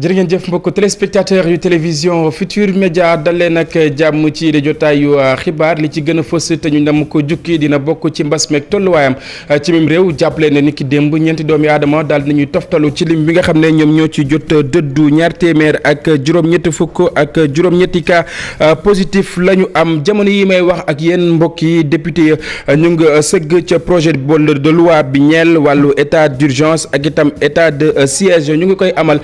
jërë jëf mbokk téléspectateur yu télévision Futur Média dalee nag jàmm ci di jotaayu euh, xibaar li ci gën a fës te ñu ndam ko jukki dina bokk ci mbas meeg tolluwaayam euh, ci mim réew jàppale na ni ki démb ñeenti doomi aadama daal nañuy toftalu ci lim bi nga xam ne ñoom ñoo ci jot dëddu ñaar téeméer ak juróom-ñetti fukk ak juróom-ñetti cas euh, positif la ñu am jamono yi may wax ak yenn mbokk yi député ñu nga sëgg ca projet de loi bi ñeel wàllu état d'urgence ak itam état de siège ñu ngi koy amal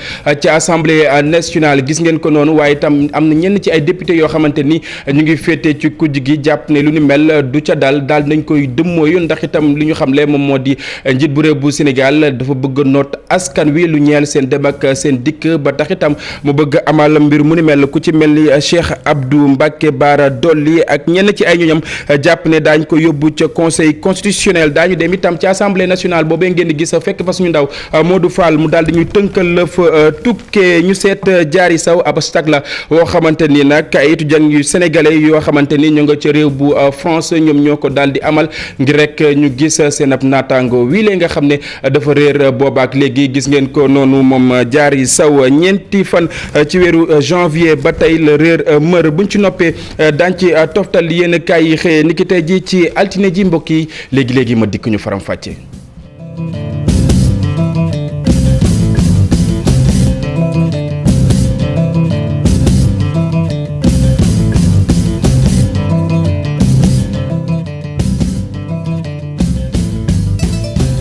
assemblée nationale gis ngeen ko noonu waaye itam am na ñenn ci ay député yoo xamante ni ñu ngi féetee ci kuj gi jàpp ne lu ni mel du ca daal daal nañ koy dëmmooyu ndax itam li ñu xamle moom moo di njiit bu réew bu Sénégal dafa bëgg noot askan wi lu ñeen seen dem ak seen dikk ba tax itam mu bëgg amal mbir mu ni mel ku ci mel ni Cheikh Abdou Mbacké Bara Dolly ak ñenn ci ay ñoñam jàpp ne daañ ko yóbbu ca conseil constitutionnel daañu dem itam ci assemblée nationale boobee ngeen gis fekk fa suñu ndaw Modou Fall mu daal tukkee ñu seet jaari euh, saw ab stag la woo xamante ni nag ay étudiants yu sénégalais yoo xamante ni ñu nga ca réew bu euh, France ñoom ñoo ko daal di amal ngir rek euh, ñu gis seen ab naataango wii lee nga xam ne dafa réer boobaak léegi gis ngeen ko noonu moom jaari saw ñeenti fan ci weeru janvier ba tey la réer mër buñ ci noppee daan ci toftal yéen kaay yi xëyee niki tey ji ci altine ji mbokk yi léegi léegi ma dikk ñu faram fàcce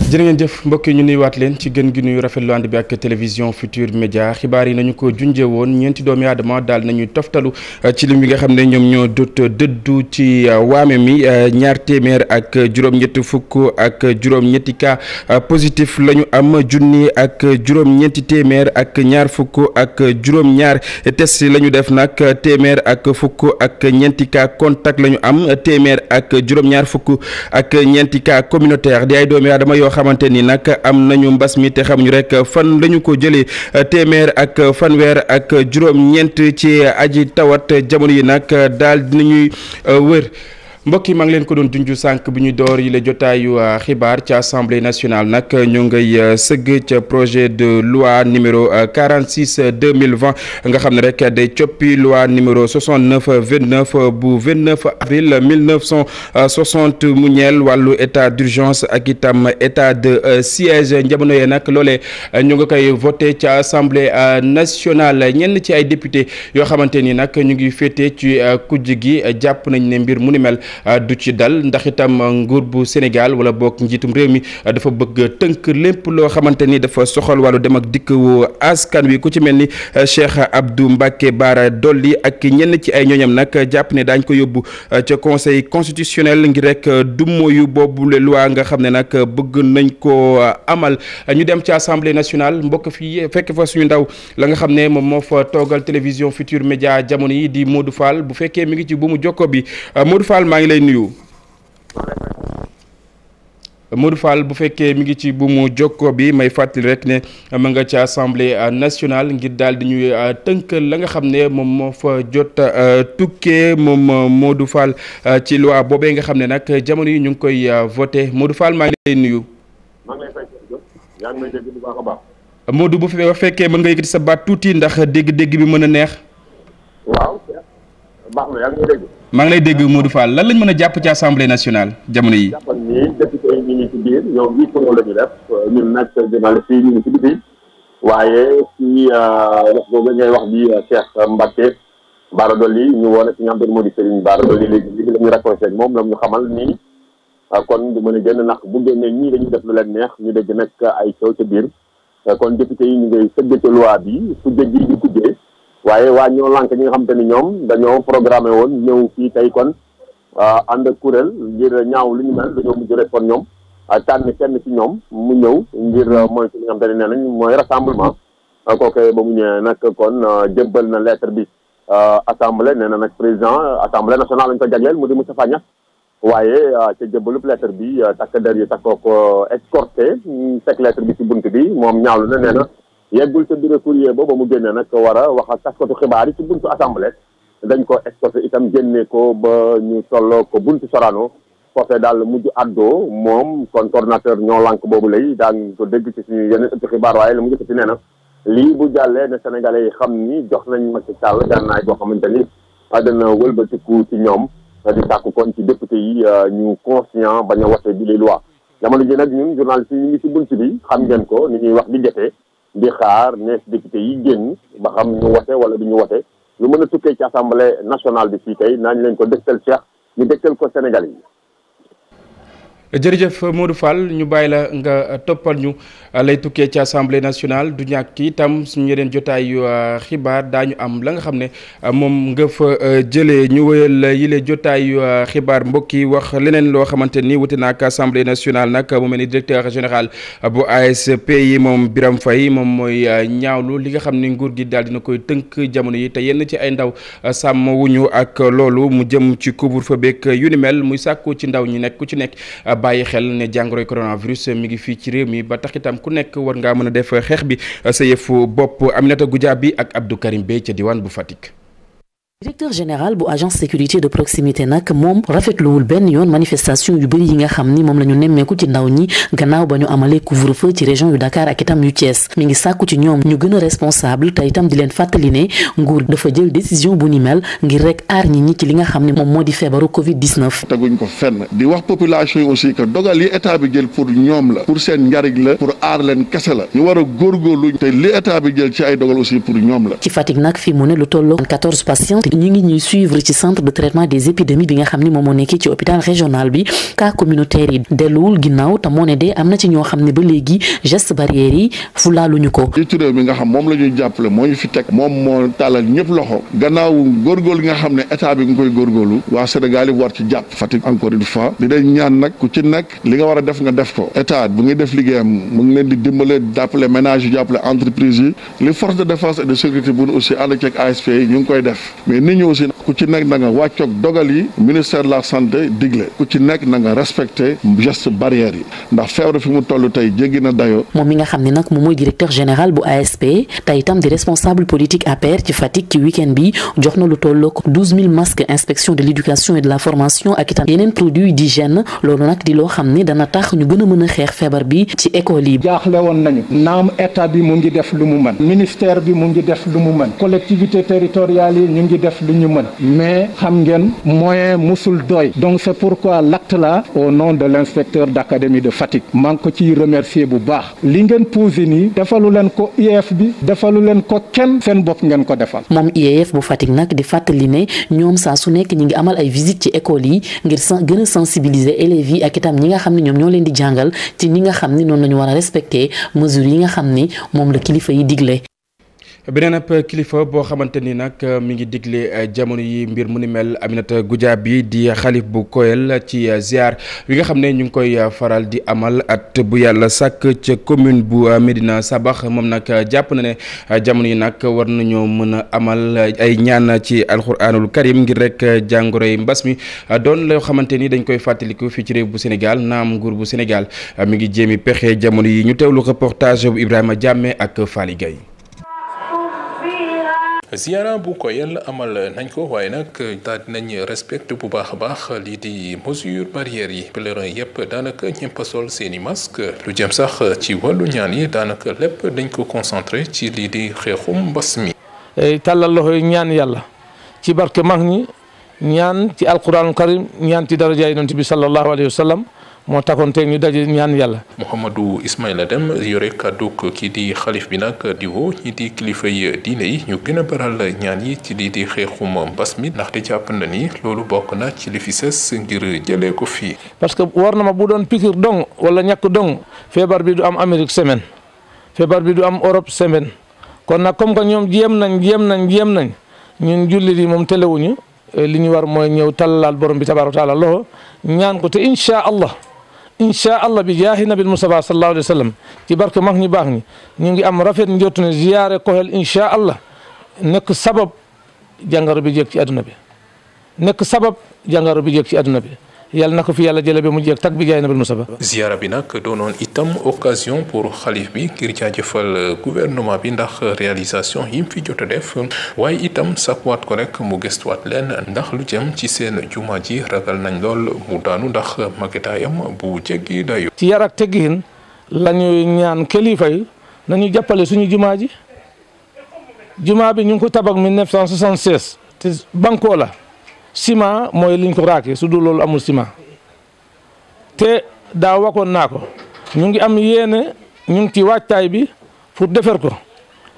jërë ngeen jëf mbokk yi ñu nuyuwaat leen ci gën gi nuyu rafetlu ànd bi ak télévision Futur Média xibaar yi nañu ko junjee woon ñeenti doomi aadama daal nañu toftalu euh, ci lim bi nga xam ne ñoom ñoo dut dëddu ci euh, waame mi euh, ñaar téeméer ak juróom-ñetti fukk ak juróom-ñetti cas positif la ñu am junni ak juróom-ñetti téeméer ak ñaar fukk ak juróom-ñaar test la ñu def nag téeméer ak fukk ak ñeenti cas contact la ñu am téeméer ak juróom-ñaar fukk ak ñeenti kaa communautaire di ay doomi aadama yoo xamante ni nag am nañu mbas mi te xam ñu rek fan lañu ko jëlee téeméer ak fanweer ak juróom-ñeent ci aji tawat jamono yi nag daal dinañuy euh, wër. mbokk yi maa ngi leen ko doon dunju sànq bi ñu door yi la jotaayu ah, xibaar ci assemblée nationale nag ñoo ngay ah, sëgg ca projet de loi numéro 46 ah, 2020 nga xam ne rek de coppi loi numéro 69 29 bu 29 avril 1960 mu ñeel wàllu état d'urgence ak itam état de siège njamono yee nag loole ñu nga koy vote ca assemblée nationale ñenn ci ay député yoo xamante ni nag ñu ngi féete ci kujj gi jàpp nañ ne mbir mu ni mel Euh, du ci dal ndax itam nguur bu Sénégal wala boog njiitum réew mi euh, dafa bëgg tënk lépp loo xamante ni dafa soxal wàllu dem ak dikk wu askan wi ku ci mel ni euh, Cheikh Abdou Mbacké Bara Dolly ak ñenn ci ay ñooñam nag jàpp ne daañ ko yóbbu ca conseil constitutionnel ngir rek dummóoyu boobu le loi nga xam ne nag bëgg nañ ko amal ñu dem ci assemblée nationale mbokk fii fekk fa suñu ndaw la nga xam ne moom moo fa toogal télévision Futur Média jamono yi di Modou Fall mi ngi ci bu jokko bi ngi lay nuyu. Modou Fall bu fekkee mu ngi ci bu mu jokko bi may fàttali rek ne ma nga ci assemblée nationale ngir daal di ñuy euh, tënk la nga xam ne moom moo fa jot euh, tukkee moom euh, Modou Fall ci loi boobee nga xam ne nag jamono yi ñu ngi koy voté Modou Fall maa ngi lay nuyu. maa ngi bu fekkee mën nga yëkkati sa baat tuuti ndax dégg-dégg bi mën a neex. waaw maa ngi lay dégg Modou Fall lan lañ mën a jàpp ci assemblée nationale jamono yi. jàppal ni député yi ñu ngi ci biir yow huit ñu def ñun nag journaliste yi ñu ngi ci biti waaye si euh, wax boobu ngay wax bi euh, Cheikh Mbacké Bara ñu woone si nga xam ne moo di Serigne Bara Dolly léegi léegi la ñu raccroché ak moom la ñu xamal ni euh, kon du mën a génn ndax bu génnee ñii dañu def lu leen neex ñu dégg nag ay coow ca biir kon député yi ñu ngay sëgg ca loi bi su jéggi di kujjee. waaye waa ñoo lànk ñi nga xam te ni ñoom dañoo programme woon ñëw fii tey kon ah, ànd ak kuréel ngir ñaaw lu ñu mel dañoo mujj rek kon ñoom ah, tànn kenn ci ñoom mu ñëw ngir ah, mooy li nga xam te mooy rassemblement kooke ba mu ñëwee nag kon jëmbal na lettre bi assemblée nee na nag président assemblée nationale lañ ko jagleel mu di Moustapha Niass waaye ca jëbbalub lettre bi takk der yi takkoo ko escorté mm, teg lettre bi ci bunt bi moom ñaawlu na nee na yeggul ca bureau courrier booba mu génne nag ko war a wax a taskatu xibaar yi ci buntu assemblée dañ ko exporté itam génne ko ba ñu tolloo ko buntu Sorano foofee daal mujj àddoo moom kon coordonnateur ñoo lànk boobu lay daan ko dégg ci suñu yeneen ëpp xibaar waaye la mu njëkk ci nee na lii bu jàllee ne sénégalais yi xam ni jox nañ Macky Sall gànnaay boo xamante ni dana wëlbatiku ci ñoom di sàkku kon ci député yi euh, ñu conscient bañ a wote bi les lois jamono ji nag ñun journaliste yi ñu ngi ci bunt bi xam ngeen ko ni ñuy wax di jotee di xaar nees député yi génn ba xam ñu wote wala du ñu wote lu mën a tukkee ci assemblée nationale bi fii tey naañ leen ko dëgtal Cheikh ñu dëgtal ko Sénégal yi jërëjëf Modou Fall ñu bàyyi la nga toppal ñu uh, lay tukkee ci assemblée nationale du ñàkk itam suñu yeneen jotaayu uh, xibaar daañu am la nga xam ne uh, moom nga fa jëlee ñu wëyal yile jotaayu xibaar mbokk yi wax leneen loo xamante ni wute naa ak assemblée nationale nag mu mel ni directeur général bu ASP yi moom Biram Faye moom mooy ñaawlu li nga xam ne nguur gi daal dina koy tënk jamono yi te yenn ci ay ndaw sàmm wuñu ak loolu mu jëm ci couvre-feu yu ni mel muy sàkku ci ndaw ñi nekk ku ci nekk. bàyyi xel ne jàngoroy coronavirus mi ngi fii ci réew mi ba tax itam ku nekk war ngaa mën a def xeex bi sa yëfu bopp Aminata Goudiaby bi ak Abdou Karim Bey ca diwaan bu Fatick. directeur général bu agence sécurité de proximité nag moom rafetluwul benn yoon manifestation yu bëri yi nga xam ni moom la ñu nemmeeku ci ndaw ñi gannaaw ba ñu amalee couvre-feu ci région yu Dakar ak itam yu Thiès mi ngi sàkku ci ñoom ñu gën a responsable te itam di leen fàttali ne nguur dafa jël décision bu ni mel ngir rek aar ñi ñi ci li nga xam ni moom moo di feebaru Covid 19. teguñ ko fenn di wax population yi aussi que dogal yi état bi jël pour ñoom la pour la pour aar leen la ñu war a góorgóorlu te li état bi jël ay dogal aussi pour ñoom la. ci Fatick nag xamante ñi ngi ñuy suivre ci centre de traitement des épidémies bi nga xam ne moom moo nekkee ci hôpital régional bi cas communautaire yi delluwul ginnaaw te moo ne de am na ci ñoo xam ne ba léegi geste barrière yi fu laaluñu ko. ci réew mi nga xam moom la ñuy jàppale moo ñu fi teg moom moo tàllal ñëpp loxo gannaaw góorgóorlu nga xam ne état bi nga koy góorgóorlu waa Sénégal yi war ci jàpp Fatick encore une fois di leen ñaan nag ku ci nekk li nga war a def nga def ko état bu ngi def liggéeyam mu ngi leen di dimbale jàppale ménage yi jàppale entreprise yi les forces de défense et de sécurité bu aussi ànd ceeg ASP yi ñu ngi koy def mais nit ñi aussi ku ci nekk na nga dogal yi ministère de la santé digle ku ci nekk na nga respecté barrière yi ndax feebar fi mu toll tey jéggi na dayoo. moom mi nga xam ni nag moom mooy directeur général bu ASP te itam di responsable politique APR ci Fatick ci week bi jox na lu tolloog douze mille inspection de l' éducation et de la formation ak itam yeneen produits d'hygiène loolu nag di loo xam ni dana tax ñu gën a mën a xeex feebar bi ci école yi. jaaxle woon nañu naam état bi mu bi mu ngi def lu mu mën collectivité territoriale yi def lu ñu mën mais xam ngeen moyen mosul doy donc c'est pourquoi l'acte la au nom de l'inspecteur d'académie de Fatick maa ngi ko ciy remercier bu baax li ngeen posé nii defalu leen ko IEF bi defalu leen ko kenn seen bopp ngeen ko defal. moom IEF bu Fatick nag di fàttali ne ñoom saa su nekk ñi ngi amal ay visite ci école yi ngir gën a sensibiliser élèves yi ak itam ñi nga xam ne ñoom ñoo leen di jàngal ci ñi nga xam ne noonu la ñu war a respecter mesures yi nga xam ni moom la kilifa yi digle beneen ab kilifa boo xamante ni nag euh, mi ngi digle euh, jamono yi mbir mu ni mel Aminata Goudiaby di xalif bu Koyel ci euh, ziar wi nga xam ne ñu ngi koy faral di amal at bu yàlla sàkk ca commune bu Médina Sabax moom nag jàpp na ne jamono yi nag war nañoo mën a amal ay ñaan ci alxuraanul karim ngir rek jàngoroy mbas mi doon loo xamante ni dañ koy fàttaliku fii ci réew bu Sénégal naam nguur bu Sénégal mi ngi jéemi pexe jamono yi ñu teewlu reportage bu Ibrahima Diame ak Fally ziara bu koyel amal nañ ko waaye nag daal nañ respecte bu baax a baax lii di mesure barrières yi pèlerin yëpp daanaka ñëpp sol seen i masque lu jëm sax ci wàllu ñaan yi daanaka lépp dañ ko concentré ci lii di xeexum mbas mi eh, tàllal loxo yi ñaan yàlla ci barke mag ñi ñaan ci alquranul karim ñaan ci darajaay yonent bi sallallahu alayhi wa moo taxoon tey ñu daje ñaan yàlla. Mouhamadou Ismaïla dem yore kàddu kii di xalif bi nag di woo ñi di kilifa yi diine yi ñu gën a baral ñaan yi ci lii di xeexum mbas mi ndaxte jàpp na ni loolu bokk na ci li fi sës ngir jëlee ko fii. parce que war na ma bu doon piqûre dong wala ñàkk dong feebar bi du am Amérique semaine feebar bi du am Europe semaine kon nag comme que ñoom jéem nañ jéem nañ jéem nañ ñun jullit yi moom telewuñu li ñu war mooy ñëw tallal borom bi tabaaraka taala loxo ñaan ko incha allah. incha allah bi jaahi nabil Mustafa sallallahu alayhi wa sallam ci barke mag ñi baax ñi ñu ngi am rafet njott ne ziyaare Koxel incha allah nekk sabab jàngoro bi jëkk ci adduna bi nekk sabab jàngoro bi jëkk ci adduna bi. yàlla na ko fi yàlla jële bi mu jeeg tag bi jaay na bil musaba ziyaara bi nag doonoon itam occasion pour xalif bi ngir jaajëfal euh, gouvernement bi ndax réalisation yi mu fi jot a def waaye itam sakkuwaat ko rek mu gëstuwaat leen ndax lu jëm ci seen juma ji ragal nañ lool mu daanu ndax magetaayam bu jéggi dayu ci yar ak teggiin lañuy ñaan kilifa yi nañu jàppale suñu jumaa ji jumaa bi ñu ngi ko tabax 1976 te bankoo la ciment mooy liñ ko raake su dul loolu amul sima te daaw waxoon naa ko ñu ngi am yéene ñu ngi ci waajtaay bi pour defar ko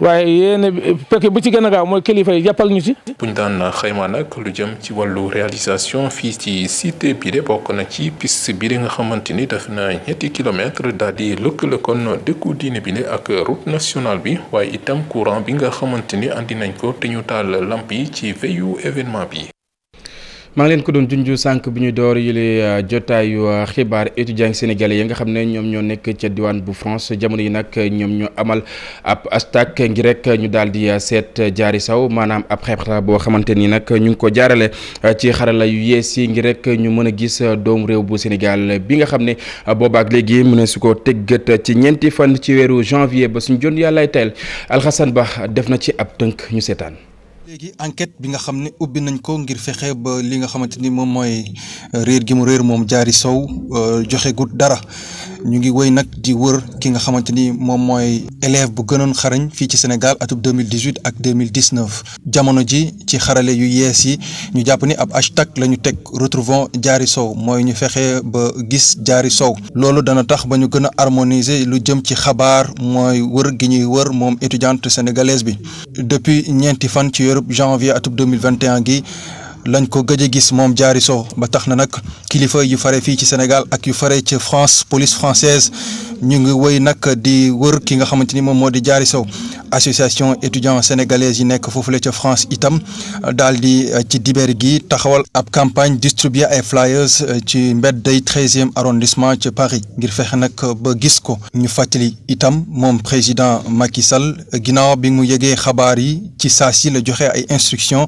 waaye yéene pekk bu ci gën a gaaw mooy kilifa yi jàppal ñu si bu ñu daan xaymaa nag lu jëm ci wàllu réalisation fii ci cité bi de bokk na ci piste bi nga xamante ni def na ñetti kilomètre daal lëkk lëkkale kon dëkku diine bi ak route nationale bi waaye itam courant bi nga xamante ni andi nañ ko te ñu taal lamp yi ci veyu événement bi. maa ngi leen ko doon junju sànq bi ñu door yi la euh, jotaayu euh, xibaar étudiants sénégalais yi nga xam ne ñoom ñoo nekk ca diwaan bu France jamono yi nag ñoom ñu amal ab astak ngi rek ñu daal di euh, seet jaari saw maanaam ab xeexta boo xamante ni nag ñu ngi ko jaarale ci xarala yu yees yi ngi rek ñu mën a gis doomu réew bu Sénégal bi nga xam ne boobaak léegi mu ne su ko tëggat ci ñeenti fan ci weeru janvier ba suñu jon yàllaay teel Alxasan Ba def na ci ab tënk ñu seetaan léegi enquête bi nga xam ne ubbi nañ ko ngir fexe ba li nga xamante ni moom mooy euh, réer gi mu réer moom jaari sow euh, joxe gut dara ñu ngi wéy nag di wër ki nga xamante ni moom mooy élève bu gënoon xarañ fii ci Sénégal atub 2018 ak 2019 jamono ji ci xarale yu yees yi ñu jàpp ni ab hashtag la ñu teg retrouvons jaari Sow mooy ñu fexe ba gis jaari Sow loolu dana tax ba ñu gën a harmoniser lu jëm ci xabaar mooy wër gi ñuy wër moom étudiante sénégalaise bi depuis ñeenti fan ci Europe janvier atub 2021 gi lañ ko gëj a gis moom jaari soo ba tax na nag kilifa yu fare fii ci Sénégal ak yu fare ci France police française ñu ngi woy nag di wër ki nga xamante ni moom moo di jaari Sow association étudiants sénégalais yi nekk foofu foofule ca France itam daal di eh, ci dibeer gi taxawal ab campagne distribuer ay flyers eh, ci mbedd day treizième arrondissement ca Paris ngir fexe nag ba gis ko ñu fàttali itam moom président Macky Sall ginnaaw bi mu yëgee xabaar yi ci saa si la joxe ay instructions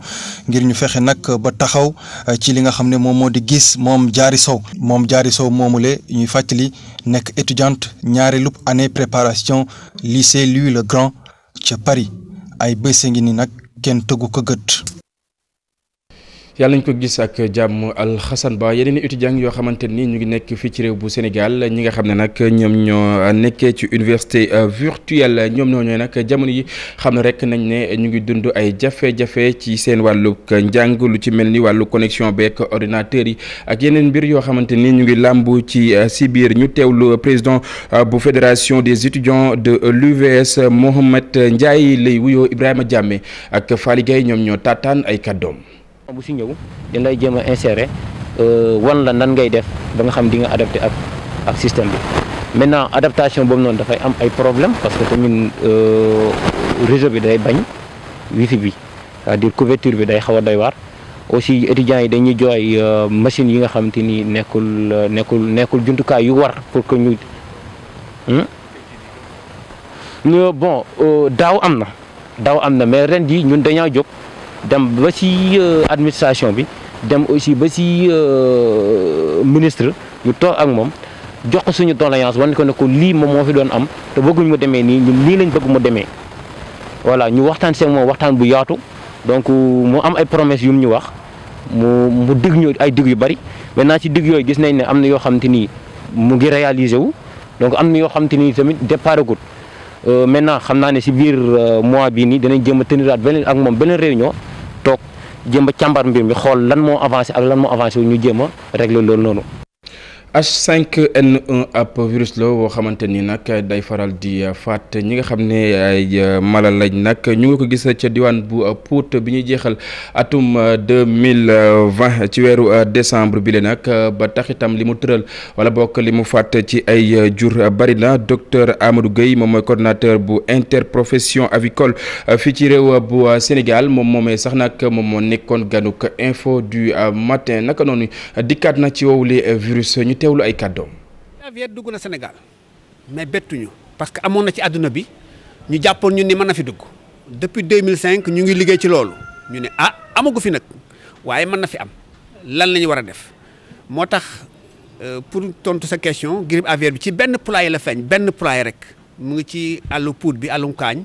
ngir ñu fexe nag ba taxaw eh, ci li nga xam ne moom moo di gis moom jaari Sow moom jaari Sow moomule ñuy fàttali nekk étudiante ñaareelu année préparation lycée Louis le Grand ca Paris ay bés a ngi ni nag kenn tëggu ko gët yàlla nañ ko gis ak jàmm alxasan ba yeneen i yoo xamante ni ñu ngi nekk fii ci réew bu Sénégal ñi nga xam ne nag ñoom ñoo nekkee ci université euh, virtuelle ñoom ñoo ñooy nag jamono yi xam ne rek nañ ne ñu ngi dund ay jafe-jafe ci seen wàllu njàng lu ci mel ni wàllu connexion beek ordinateur yi ak yeneen mbir yoo xamante ni ñu ngi làmb ci euh, si biir ñu teewlu président euh, bu fédération des étudiants de l'UVS Mohamed Ndiaye lay wuyoo Ibrahima Diame ak Faly Gaye ñoom ñoo taataan ay kàddoom. bu si ñëw dañ lay jéem a euh, wan la nan ngay def ba nga xam di nga adapté ak ak système bi maintenant adaptation boobu noonu dafay am ay problème parce que tamit euh, réseau bi day bañ wifi bi c'est-à-dire bi day xaw a doy waar aussi étudiants yi dañuy jooy euh, machine yi nga xamante ni nekkul nekkul nekkul jumtukaay yu war pour que ñu hmm? bon daaw am na daaw am na mais ren jii ñun dañaa jóg dem ba ci euh, administration bi dem aussi ba ci euh, ministre ñu toog ak moom jox ko suñu doléance wan ko ne ko lii moom moo fi doon am te bëgguñ mu demee nii ñun lii lañ bëgg mu demee voilà ñu waxtaan seen moom waxtaan bu yaatu donc mu am ay promesses yu ñu wax mu mu dig ñu ay dig yu bari maintenant ci dig yooyu gis nañ ne am na yoo xam te ni mu ngi réaliser wu donc am na yoo xam te ni tamit départ agut euh, maintenant xam naa ne ci biir mois bii nii danañ jëm a teniraat beneen ak moom beneen réunion toog jéem a càmbar mbir mi xool lan moo avancé ak lan moo avancé wu ñu jéem a réglé loolu noonu H5N1 ab virus la woo xamante ni nag day faral di faat ñi nga xam ne ay mala lañ nag ñu ngi ko gis ca diwaan bu Pout bi ñuy jeexal atum deux mille vingt ci weeru décembre bi le nag ba tax itam li mu tëral wala bokk li mu fàtte ci ay jur bari na docteur Amadou Guèye moom mooy coordonnateur bu interprofession avicole fii ci réew bu Sénégal moom moomee sax nag moom moo nekkoon ganuk info du matin naka noonu dikkaat na ci wowule virus teewlu ay kàddoom. Aviette dugg na Sénégal mais bettuñu parce que amoon na ci àdduna bi ñu jàppoon ñun ni mën na fi dugg depuis mille cinq ñu ngi liggéey ci loolu ñu ne ah amagu fi nag waaye mën na fi am lan la ñu war a def moo tax euh, pour tontu sa question grippe aviaire bi ci benn poulailler la feeñ benn poulailler rek mu ngi ci àllu puut bi àllum kaañ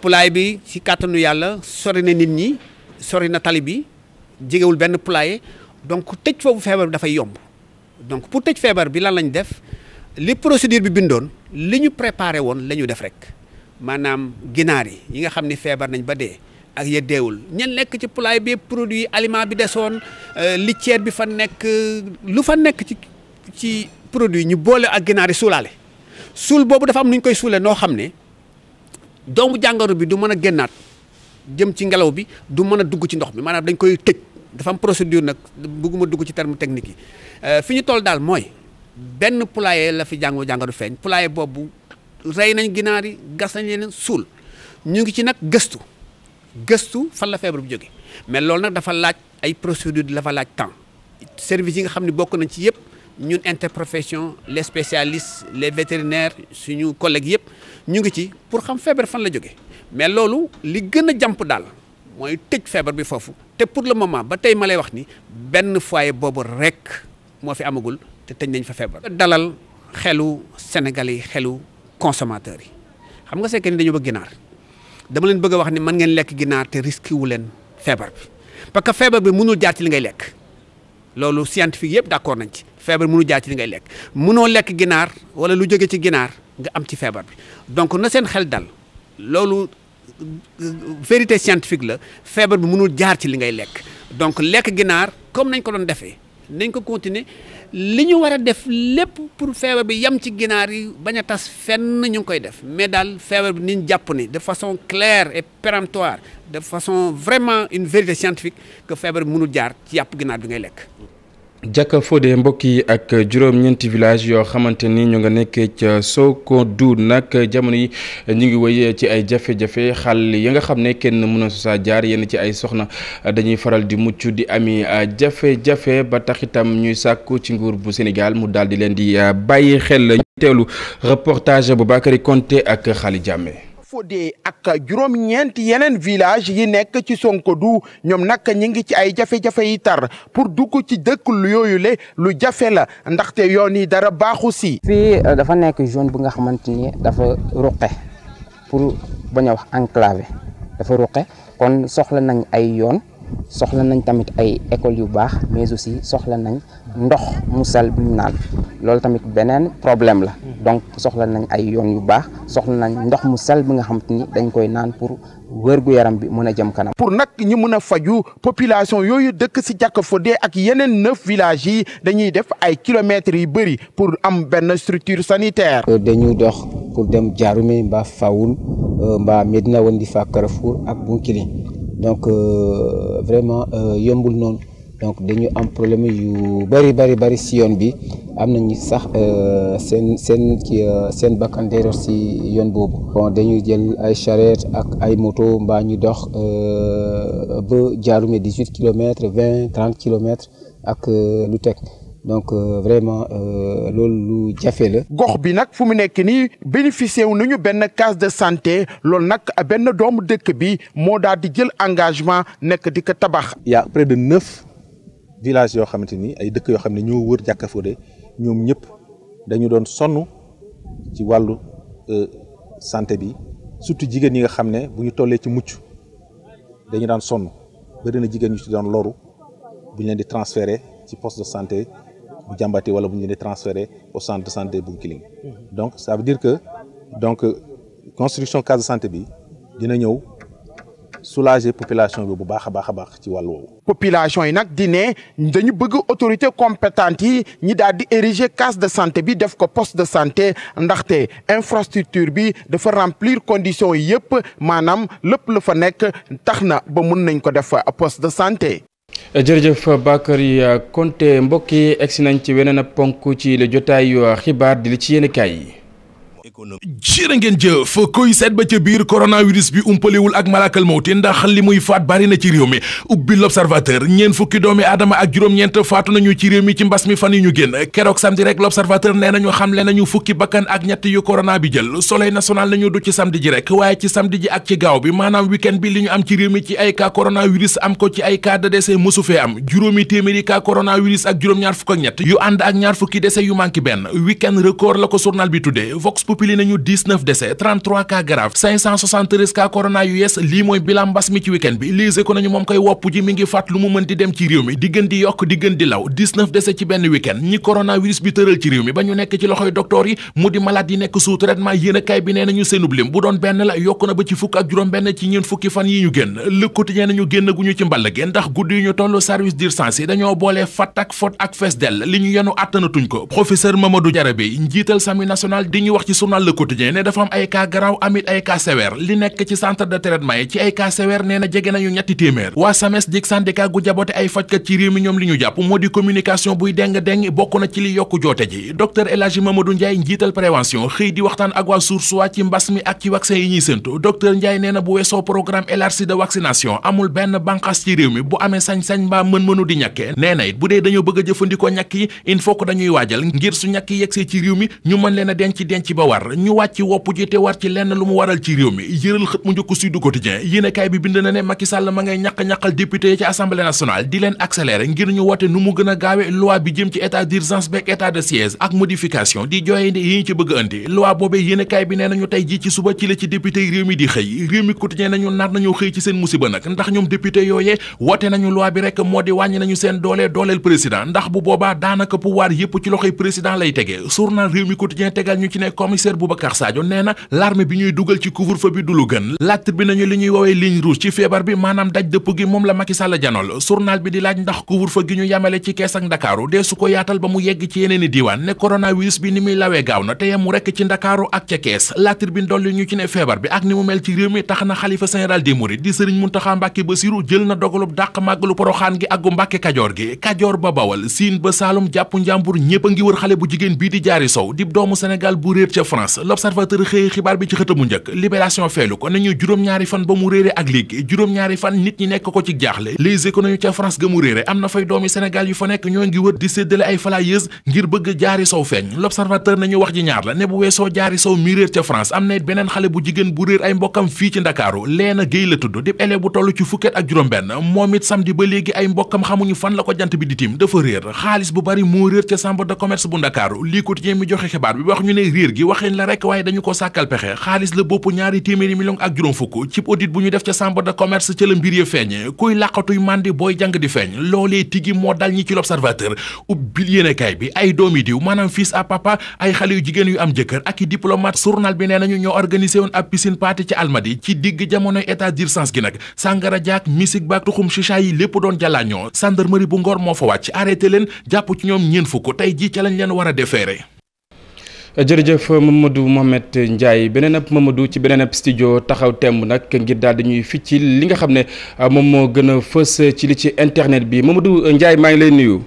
poulailler bi ci kàttanu yàlla sori na nit ñi sori na tali bi jegewul benn poulailler donc tëj foofu feebar bi dafay yomb. donc pour tëj feebar bi lan lañ def li procédure bi bindoon li ñu préparé woon la ñu def rek maanaam ginaar yi yi nga xam ni feebar nañ ba dee ak ya deewul ñen nekk ci poulailler bi produit aliment bi desoon euh, litière bi fa nekk lu fa nekk ci ci produit ñu boole ak ginaar yi suulaale suul boobu dafa am nu ñu koy suulee noo xam ne doomu jàngoro bi du mën a génnaat jëm ci ngelaw bi du mën a dugg ci ndox mi maanaam dañ koy tëj dafa procédure nag bëgguma dugg ci terme technique yi euh, fi ñu toll daal mooy benn poulailler la fi jàngu jàngatu feeñ poulailler boobu rey nañ ginaar yi gas nañ leen suul ñu ngi ci nag gëstu gëstu fan la feebar bu jóge mais loolu nag dafa laaj ay procédure dafa laaj temps service yi nga xam ni bokk nañ ci yëpp ñun interprofession les spécialistes les vétérinaires suñu collègues yëpp ñu ngi ci pour xam feebar fan la jóge mais loolu li gën a jàmp daal mooy tëj feebar bi foofu te pour le moment ba tey ma lay wax ni benn foyer boobu rek moo fi amagul te tëj nañ fa feebar. dalal xelu Sénégal yi xelu consommateurs yi xam nga c'est que ni bëgg ginaar dama leen bëgg a wax ni mën ngeen lekk ginaar te risque wu leen feebar bi parce que feebar bi munul jaar ci li ngay lekk loolu scientifique yëpp d'accord nañ ci. feebar mënul jaar ci li ngay lekk munoo lekk ginaar wala lu jóge ci ginaar nga am ci feebar bi donc seen xel dal vérité scientifique la feebar bi munul jaar ci li ngay lekk donc lekk ginaar comme nañ ko doon defee nañ ko continuer li ñu war a def lépp pour feebar bi yam ci ginaar yi bañ a tas fenn ñu ngi koy def mais daal feebar bi niñ jàpp ni de façon claire et péremptoire de façon vraiment une vérité scientifique que feebar bi mënul jaar ci yàpp ginaar bi ngay lekk Jaka Fodé mbokk yi ak juróom-ñeenti village yoo xamante ni ñu nga nekkee ca Sookodu nag jamono yi ñu ngi woyee ci ay jafe-jafe xal yi nga xam ne kenn mën na saa jaar yenn ci ay soxna dañuy faral di mucc di ami jafe-jafe ba taxitam ñuy sàkku ci nguur bu Sénégal mu daal di leen di bàyyi xel ñu teelu reportage bu Bakary Konté ak Xali Jàmme foo dee ak juróom-ñeenti yeneen village yi nekk ci du ñoom nag ñi ngi ci ay jafe-jafe yi tar pour dugg ci dëkk lu yooyu le lu jafe la ndaxte yoon yi dara baaxu si. fii euh, dafa nekk zone bu nga xamante ni dafa ruqe pour bañ a wax enclavé dafa ruqe kon soxla nañ ay yoon soxla nañ tamit ay écoles yu baax mais aussi soxla nañ. ndox mu sal bu ñu naan loolu tamit beneen problème la hmm. donc soxla nañ ay yoon yu baax soxla nañ ndox mu sal bi nga xam te ni dañ koy naan pour wërgu yaram bi mën a jëm kanam. pour nag ñu mën a faju population yooyu dëkk si Diakfodé ak yeneen neuf villages yi dañuy def ay kilomètres yu bëri pour am benn structure sanitaire. Euh, dañuy dox pour dem Diaroumé mbaa Fawoul euh, mbaa Medina Wandifa Carrefour ak Bounkiling donc euh, vraiment yombul noonu. donc dañu am problème yu bëri bari bëri si yoon bi am nañu sax euh, seen seen kii euh, seen bakkan si yoon boobu bon dañuy jël ay charrette ak ay moto mbaa ñu dox euh, ba jaarume dix huit kilomètres vingt trente kilomètres ak lu teg donc vraiment loolu lu jafe la. gox bi nag fu mu nekk nii bénéficié wu nañu benn case de santé loolu nag benn doomu dëkk bi moo daal di jël engagement nekk di ko tabax. y a près de neuf. village yoo xamante ni ay dëkk yoo xam ne ñoo wër Jaka Fodé ñoom ñëpp dañu doon sonn ci wàllu euh, santé bi surtout jigéen ñi nga xam ne bu ñu tollee ci mucc dañu daan sonn bëri na jigéen yu ci doon loru bu ñu leen di transféré ci poste de santé bu jàmbati wala bu ñu leen di transféré au centre de santé bu Bounkiling mhm. donc ça dire que donc euh, construction case de santé bi dina ñëw soulager population bi bu baax a baax a baax ci wàll woowu. population yi nag di ne dañu bëgg autorité compétente yi ñi daal di ériger case de santé bi def ko poste de santé ndaxte infrastructure bi dafa remplir conditions yëpp maanaam lépp la fa nekk tax na ba mën nañ ko def poste de santé. jërëjëf Bakary Konte mbokk yi egsi nañ ci weneen a ponk ci la jotaayu xibaar di li ci yéen yi. économie jërë ngeen jëf koy seet ba ca biir coronavirus bi umpalewul ak malakal mawti ndax li muy faat bari na ci réew mi ubbi l'observateur ñeen fukki doomi aadama ak juróom-ñeent faatu nañu ci réew mi ci mbas mi fan yi ñu génn keroog samedi rek nee nañu xamle nañu fukki bakkan ak ñett yu corona bi jël soleil national nañu du ci samedi rek waaye ci samedi ak ci gaaw bi maanaam week bi li ñu am ci réew mi ci ay cas coronavirus am ko li nañu 19 décès 33 cas graves lii mooy bilan mbas mi ci week bi liise ko nañu moom koy wopp ji mi ngi fàtt lu mu mën di dem ci réew mi di gën di yokk di gën di law 19 décès ci benn week-end ñi coronavirus bi tëral ci réew mi ba ñu nekk ci loxoy docteur yi mu di malade yi nekk sous traitement yéenekaay bi nee nañu seenub lim bu doon benn la yokk na ba ci fukk ak juróom benn ci ñeen fukki fan yi ñu génn Le Quotidien nañu génn guñu ñu toll service journal Le Quotidien ne dafa am ay cas garaaw amit ay cas sévère li nekk ci centre de traitement yi ci ay cas sévère nee na jege nañu ñetti téeméer waa SAMES dig syndicat gu jabote ay fajkat ci réew mi ñoom li ñu jàpp moo di communication buy déng-déng bokk na ci li yokk joote ji docteur El Hadji Mamadou Ndiaye njiital prévention xëy di waxtaan ak waa Source A ci mbas mi ak ci vaccin yi ñuy séntu docteur Ndiaye nee na bu weesoo programme élargi de vaccination amul benn banqaas bu amee sañ-sañ mbaa mën-mënu di ñàkke nee na it bu dañoo bëgg a jëfandikoo yi il faut ngir su ñàkk yi yegsee ci réew mi ñu mën leen a denc denc ba xaar ndax ñoom député yooyee wote nañu loi bi rek moo di wàññi nañu seen doole dooleel président ndax bu boobaa daanaka pouvoir yépp ci loxoy président lay tege journal réew mi Quotidien tegal ñu ci ne commissaire commissaire Boubacar Sadio nee na l'armée bi ñuy dugal ci couvre-feu bi du lu gën laajte bi nañu li ñuy woowee ligne rouge ci feebar bi maanaam daj dëpp gi moom la Macky Sall janool journal bi di laaj ndax couvre-feu gi ñu yamale ci kees ak Ndakaaru dee su ko yaatal ba mu yegg ci yeneen i diiwaan ne coronavirus bi ni muy lawee gaaw na te yemu rekk ci Ndakaaru ak ca kees laajte bi dolli ñu ci ne feebar bi ak ni mu mel ci réew mi tax na xalifa général des mourides di Serigne Mountakha Mbacké Bassirou jël na dogalub dàq màggalu Poroxaan gi ak gu Mbacké Kajoor gi Kajoor ba Bawal Siin ba Saalum jàpp njàmbur ñépp di Diary Sow di France l'observateur xëy xibaar bi ci xëtamu njëkk libération feelu ko nañu juróom-ñaari fan ba mu réere ak léegi juróom-ñaari fan nit ñi nekk ko ci jaaxle les économies ca France ga mu réere am na fay doomi Sénégal yu fa nekk ñoo ngi wër di séddale ay flyers ngir bëgg jaari sow feeñ l'observateur nañu wax ji ñaar la ne bu weesoo jaari sow mi réer ca France am na it beneen xale bu jigéen bu réer ay mbokkam fii ci Ndakaaru Leena Géy la tudd dib élève bu toll ci fukket ak juróom benn moom it samedi ba léegi fan la ko jant bi di tim dafa réer xaalis bu bari moo réer ca chambre de commerce bu Ndakaaru jëfin la rek waaye dañu ko sàkkal pexe xaalis la bopp ñaari téeméeri million ak juróom fukk cib audit bu ñu def ca chambre de commerce ca la mbir ya feeñ kuy làqatuy màndi booy jàng di feeñ loolee tigi moo dal ñi ci l'observateur ubbil yéenekaay bi ay doomi diw maanaam fils à papa ay xale yu jigéen yu am jëkkër ak i diplomate journal bi nee nañu ñoo organisé woon ab piscine party ci Almadi ci digg jamonoy état d'urgence gi nag sàngara jaak misik baak tuxum chicha yi lépp doon bu Ngor moo fa wàcc leen jàpp ci ñoom ñeen fukk tey ji ca lañ leen war a defeere jërëjëf Mamadou Mohamed Ndiaye beneen ab Mamadou ci beneen ab studio taxaw temb nag ngir daal di ñuy ficci li nga xam ne ah, moom moo gën a fës ci li ci internet bi Mamadou Ndiaye maa ngi lay nuyu.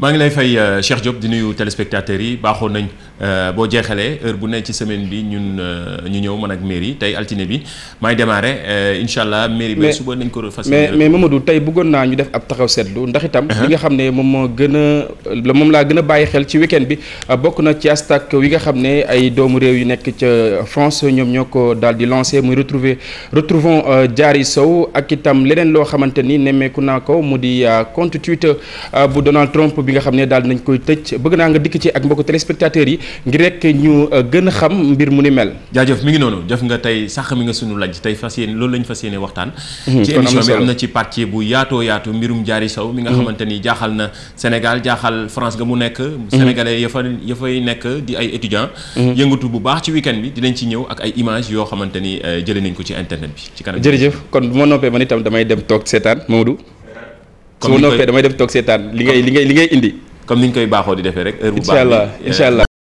maa ngi lay fay euh, Cheikh Diop di nuyu téléspectateurs yi baaxoon nañu Euh, boo jeexalee heure bu ne ci semaine bi ñun euh, ñu ñëw man ak mairie tey altine bi may démarrer euh, incha allah. mairie ba suba nañ ko refas. mais mais Mamadou tey bëggoon naa def ab taxaw seetlu ndax itam. Uh-huh. li nga xam ne moom moo gën a moom laa gën a bàyyi xel ci weekend bi bokk na ci astak wi nga xam ne ay doomu réew yu nekk ca France ñoom ñoo ko daal di lancé muy retrouver retrouvons Diary Sow ak itam leneen loo xamante ni nemmeeku naa ko mu di compte Twitter bu Donald Trump bi nga xam ne daal nañ koy tëj bëgg naa nga dikk ci ak mbokku téléspectateurs yi. ngi rek ñu euh, gën a xam mbir mu ni mel. jaajëf mi ngi noonu def nga tey sax mi nga sunu laj tey fas yéene loolu lañ fa yéene waxtaan. Hmm, ci émission bi am na ci partie bu yaatoo yaatu mbirum jaari saw. mi nga hmm. xamante ni jaaxal na Sénégal jaaxal France ga mu nekk. Hmm. sénégalais ya fa ya fay nekk di ay étudiants. yëngatu bu baax ci weekend bi dinañ ci ñëw ak ay image yoo xamante ni euh, jëlee nañ ko ci internet bi ci kanam. jërëjëf kon bu ma noppee man itam damay dem toog seetaan Mamadou. comme su ma noppee damay dem toog li ngay li ngay li ngay indi. comme ni ñu koy baaxoo di defee rek heure bu baax. incha allah euh, incha